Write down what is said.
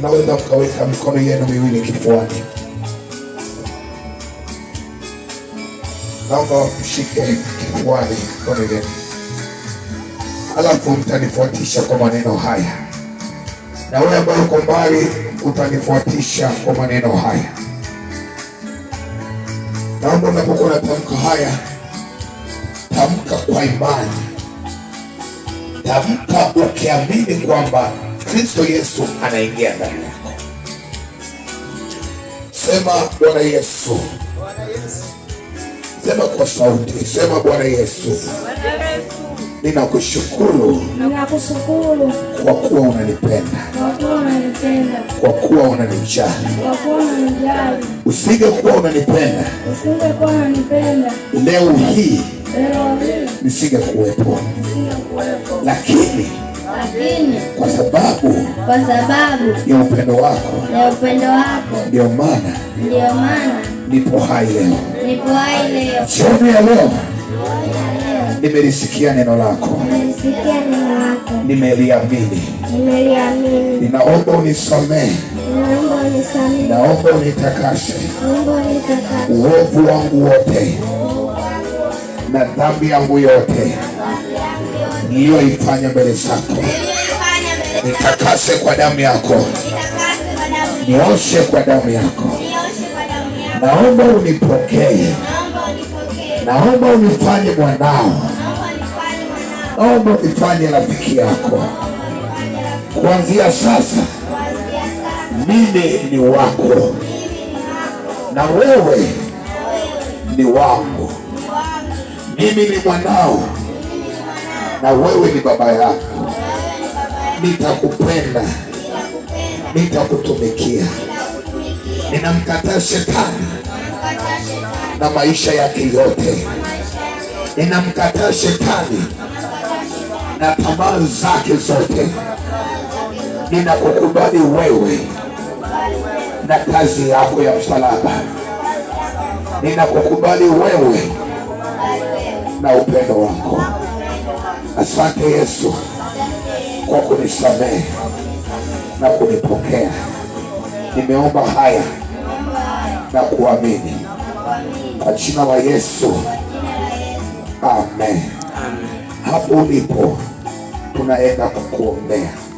mnaweza tukaweka mikono yenu miwili kifuani, naomba mshike kifuani mikono yenu, alafu mtanifuatisha kwa maneno haya, na wewe ambaye uko mbali utanifuatisha kwa maneno haya. Naomba unapokuwa tamka haya, tamka kwa imani, tamka ukiamini kwamba Kristo Yesu anaingia ndani yako. Sema Bwana Yesu, sema kwa sauti, sema Bwana Yesu, ninakushukuru kwa kuwa unanipenda, kwa kuwa unanijali. Usige kuwa unanipenda leo hii, nisige kuwepo, lakini lakini kwa sababu kwa sababu ya upendo wako ya upendo wako ndio maana ndio maana nipo hai leo nipo hai leo jioni ya leo nimelisikia neno lako nimeliamini ninaomba unisamehe naomba unitakase uovu wangu wote na dhambi yangu yote niliyoifanya mbele zako, nitakase kwa damu yako, nioshe kwa damu yako. Naomba unipokee, naomba unifanye mwanao, naomba unifanye rafiki yako. Kuanzia sasa mimi ni wako na wewe ni wangu, mimi ni mwanao na wewe ni baba yake. Nitakupenda, nitakutumikia. Ninamkataa shetani na maisha yake yote, ninamkataa shetani na tamaa zake zote. Ninakukubali wewe na kazi yako ya msalaba. Ninakukubali wewe na upendo wako. Asante Yesu kwa kunisamehe na kunipokea. Nimeomba haya na kuamini kwa jina la Yesu, amen. Hapo ulipo tunaenda kukuombea.